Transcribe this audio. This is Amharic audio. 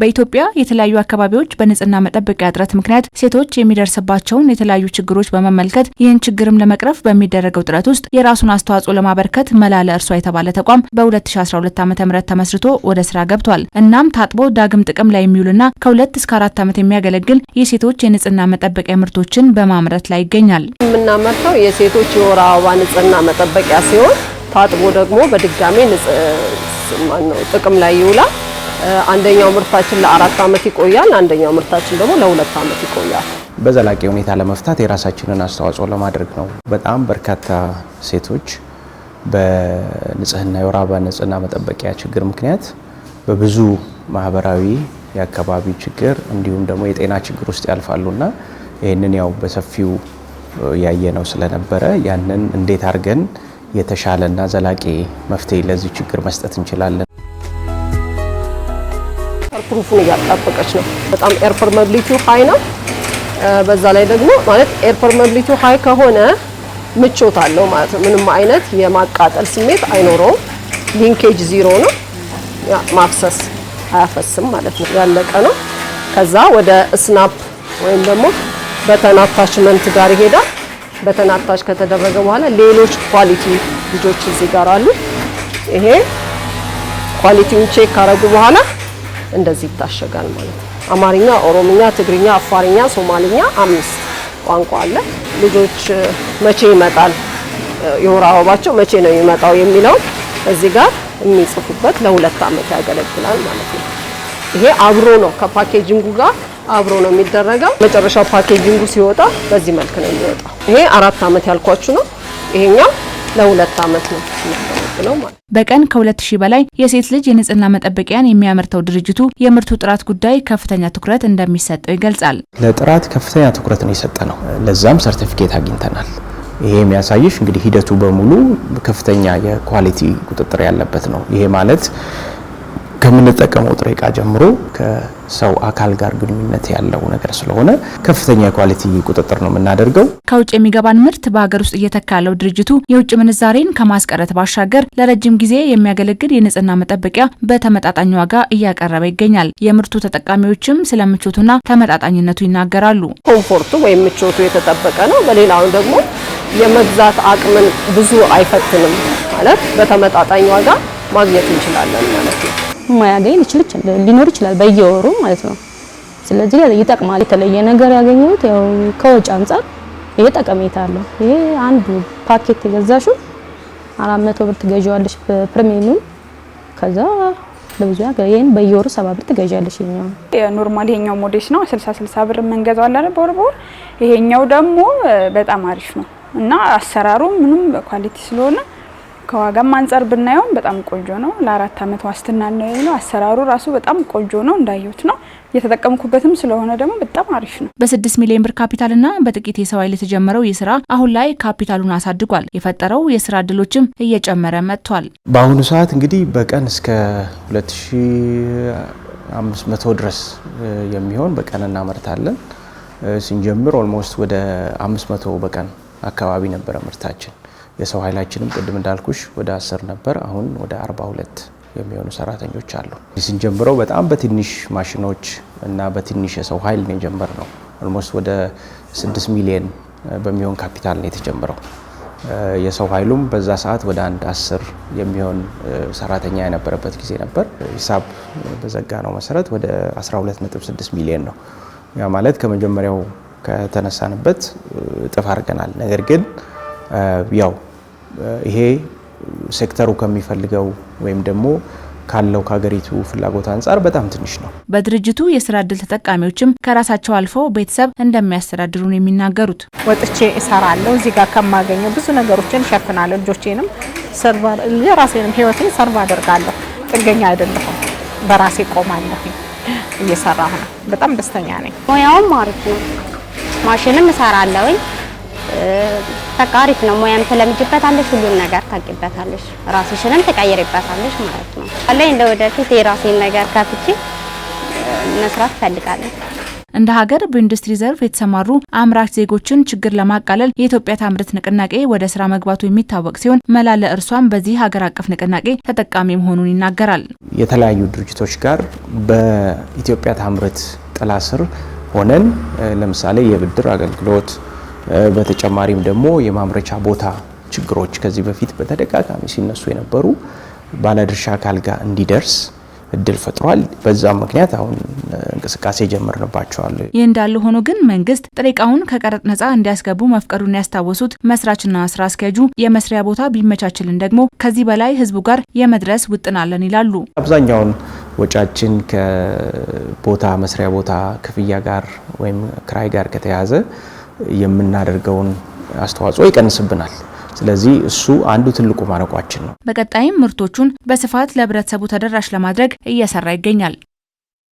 በኢትዮጵያ የተለያዩ አካባቢዎች በንጽህና መጠበቂያ እጥረት ምክንያት ሴቶች የሚደርስባቸውን የተለያዩ ችግሮች በመመልከት ይህን ችግርም ለመቅረፍ በሚደረገው ጥረት ውስጥ የራሱን አስተዋጽኦ ለማበርከት መላለ እርሷ የተባለ ተቋም በ2012 ዓ ም ተመስርቶ ወደ ስራ ገብቷል። እናም ታጥቦ ዳግም ጥቅም ላይ የሚውልና ከሁለት እስከ አራት ዓመት የሚያገለግል የሴቶች የንጽህና መጠበቂያ ምርቶችን በማምረት ላይ ይገኛል። የምናመርተው የሴቶች የወር አበባ ንጽህና መጠበቂያ ሲሆን ታጥቦ ደግሞ በድጋሜ ጥቅም ላይ ይውላል። አንደኛው ምርታችን ለአራት ዓመት ይቆያል፣ አንደኛው ምርታችን ደግሞ ለሁለት ዓመት ይቆያል። በዘላቂ ሁኔታ ለመፍታት የራሳችንን አስተዋጽኦ ለማድረግ ነው። በጣም በርካታ ሴቶች በንጽህና የወር አበባ ንጽህና መጠበቂያ ችግር ምክንያት በብዙ ማህበራዊ የአካባቢ ችግር እንዲሁም ደግሞ የጤና ችግር ውስጥ ያልፋሉና ይህንን ያው በሰፊው ነው ስለነበረ ያንን እንዴት አድርገን የተሻለና ዘላቂ መፍትሄ ለዚህ ችግር መስጠት እንችላለን። ፕሩፉን እያጣበቀች ነው። በጣም ኤር ፐርመብሊቲው ሀይ ነው። በዛ ላይ ደግሞ ማለት ኤር ፐርመብሊቲው ሀይ ከሆነ ምቾት አለው ማለት ነው። ምንም አይነት የማቃጠል ስሜት አይኖረውም። ሊንኬጅ ዚሮ ነው። ማፍሰስ አያፈስም ማለት ነው። ያለቀ ነው። ከዛ ወደ ስናፕ ወይም ደግሞ በተን አታችመንት ጋር ይሄዳል። በተን አታች ከተደረገ በኋላ ሌሎች ኳሊቲ ልጆች እዚህ ጋር አሉ። ይሄ ኳሊቲውን ቼክ ካረጉ በኋላ እንደዚህ ይታሸጋል ማለት ነው። አማርኛ፣ ኦሮምኛ፣ ትግርኛ፣ አፋርኛ፣ ሶማሊኛ አምስት ቋንቋ አለ። ልጆች መቼ ይመጣል የወር አበባቸው መቼ ነው የሚመጣው የሚለው እዚህ ጋር የሚጽፉበት ለሁለት ዓመት ያገለግላል ማለት ነው። ይሄ አብሮ ነው ከፓኬጂንጉ ጋር አብሮ ነው የሚደረገው። መጨረሻው ፓኬጂንጉ ሲወጣ በዚህ መልክ ነው የሚወጣው። ይሄ አራት ዓመት ያልኳችሁ ነው። ይሄኛው ለሁለት ዓመት ነው። የሚቀጥለው ማለት ነው። በቀን ከሁለት ሺህ በላይ የሴት ልጅ የንጽህና መጠበቂያን የሚያመርተው ድርጅቱ የምርቱ ጥራት ጉዳይ ከፍተኛ ትኩረት እንደሚሰጠው ይገልጻል። ለጥራት ከፍተኛ ትኩረት ነው የሰጠ ነው። ለዛም ሰርቲፊኬት አግኝተናል። ይሄ የሚያሳይሽ እንግዲህ ሂደቱ በሙሉ ከፍተኛ የኳሊቲ ቁጥጥር ያለበት ነው። ይሄ ማለት ከምንጠቀመው ጥሬ እቃ ጀምሮ ከሰው አካል ጋር ግንኙነት ያለው ነገር ስለሆነ ከፍተኛ የኳሊቲ ቁጥጥር ነው የምናደርገው። ከውጭ የሚገባን ምርት በሀገር ውስጥ እየተካ ያለው ድርጅቱ የውጭ ምንዛሬን ከማስቀረት ባሻገር ለረጅም ጊዜ የሚያገለግል የንጽህና መጠበቂያ በተመጣጣኝ ዋጋ እያቀረበ ይገኛል። የምርቱ ተጠቃሚዎችም ስለ ምቾቱና ተመጣጣኝነቱ ይናገራሉ። ኮምፎርቱ ወይም ምቾቱ የተጠበቀ ነው። በሌላው ደግሞ የመግዛት አቅምን ብዙ አይፈትንም ማለት በተመጣጣኝ ዋጋ ማግኘት እንችላለን ማለት ነው። የማያገኝ ሊኖር ይችላል በየወሩ ማለት ነው። ስለዚህ ይጠቅማል። የተለየ ነገር ያገኘሁት ያው ከወጪ አንጻር ይሄ ጠቀሜታ አለው። ይሄ አንዱ ፓኬት የገዛሹ አራት ብር ትገዣዋለሽ በፕሪሚየም ከዛ ለብዙ ነገር ይሄን በየወሩ ሰባ ብር ትገዣለሽ። ይሄኛው ኖርማል ይሄኛው ሞዴስ ነው 60 60 ብር የምንገዛው አለ በወር በወር። ይሄኛው ደግሞ በጣም አሪፍ ነው እና አሰራሩ ምንም ኳሊቲ ስለሆነ ከዋጋም አንጻር ብናየውም በጣም ቆንጆ ነው። ለአራት አመት ዋስትና ነው የሚለው። አሰራሩ ራሱ በጣም ቆንጆ ነው፣ እንዳየሁት ነው እየተጠቀምኩበትም ስለሆነ ደግሞ በጣም አሪፍ ነው። በስድስት ሚሊዮን ብር ካፒታልና በጥቂት የሰው ኃይል የተጀመረው ይህ ስራ አሁን ላይ ካፒታሉን አሳድጓል። የፈጠረው የስራ እድሎችም እየጨመረ መጥቷል። በአሁኑ ሰዓት እንግዲህ በቀን እስከ 2500 ድረስ የሚሆን በቀን እናመርታለን። ስንጀምር ኦልሞስት ወደ 500 በቀን አካባቢ ነበረ ምርታችን። የሰው ኃይላችንም ቅድም እንዳልኩሽ ወደ አስር ነበር፣ አሁን ወደ ሁለት የሚሆኑ ሰራተኞች አሉ። ስንጀምረው በጣም በትንሽ ማሽኖች እና በትንሽ የሰው ኃይል ነው የጀመርነው። ኦልሞስት ወደ ስድስት ሚሊዮን በሚሆን ካፒታል ነው የተጀመረው። የሰው ኃይሉም በዛ ሰዓት ወደ አንድ አስር የሚሆን ሰራተኛ የነበረበት ጊዜ ነበር። ሂሳብ በዘጋ ነው መሰረት ወደ 126 ሚሊዮን ነው። ያ ማለት ከመጀመሪያው ከተነሳንበት እጥፍ አድርገናል። ነገር ግን ያው ይሄ ሴክተሩ ከሚፈልገው ወይም ደግሞ ካለው ከሀገሪቱ ፍላጎት አንጻር በጣም ትንሽ ነው። በድርጅቱ የስራ እድል ተጠቃሚዎችም ከራሳቸው አልፎ ቤተሰብ እንደሚያስተዳድሩ ነው የሚናገሩት። ወጥቼ እሰራለሁ፣ እዚህ ጋር ከማገኘው ብዙ ነገሮችን እሸፍናለሁ፣ ልጆቼንም የራሴንም ህይወቴ ሰርቭ አደርጋለሁ፣ ጥገኛ አይደለሁም፣ በራሴ ቆማለሁ። እየሰራሁ ነው፣ በጣም ደስተኛ ነኝ። ሙያውም አሪፍ ነው፣ ማሽንም እሰራለሁኝ በቃ አሪፍ ነው። ሙያም ትለምጅበታለሽ፣ ሁሉን ነገር ታውቂበታለሽ፣ ራስሽንም ትቀይሪበታለሽ ማለት ነው። አለኝ እንደ ወደፊት የራሴን ነገር ከፍቼ መስራት እፈልጋለሁ። እንደ ሀገር በኢንዱስትሪ ዘርፍ የተሰማሩ አምራች ዜጎችን ችግር ለማቃለል የኢትዮጵያ ታምርት ንቅናቄ ወደ ስራ መግባቱ የሚታወቅ ሲሆን መላለ እርሷም በዚህ ሀገር አቀፍ ንቅናቄ ተጠቃሚ መሆኑን ይናገራል። የተለያዩ ድርጅቶች ጋር በኢትዮጵያ ታምርት ጥላ ስር ሆነን ለምሳሌ የብድር አገልግሎት በተጨማሪም ደግሞ የማምረቻ ቦታ ችግሮች ከዚህ በፊት በተደጋጋሚ ሲነሱ የነበሩ ባለድርሻ አካል ጋር እንዲደርስ እድል ፈጥሯል። በዛም ምክንያት አሁን እንቅስቃሴ ጀምርንባቸዋል። ይህ እንዳለ ሆኖ ግን መንግስት ጥሬ እቃውን ከቀረጥ ነጻ እንዲያስገቡ መፍቀዱን ያስታወሱት መስራችና ስራ አስኪያጁ የመስሪያ ቦታ ቢመቻችልን ደግሞ ከዚህ በላይ ህዝቡ ጋር የመድረስ ውጥናለን ይላሉ። አብዛኛውን ወጫችን ከቦታ መስሪያ ቦታ ክፍያ ጋር ወይም ክራይ ጋር ከተያዘ የምናደርገውን አስተዋጽኦ ይቀንስብናል። ስለዚህ እሱ አንዱ ትልቁ ማረቋችን ነው። በቀጣይም ምርቶቹን በስፋት ለህብረተሰቡ ተደራሽ ለማድረግ እየሰራ ይገኛል።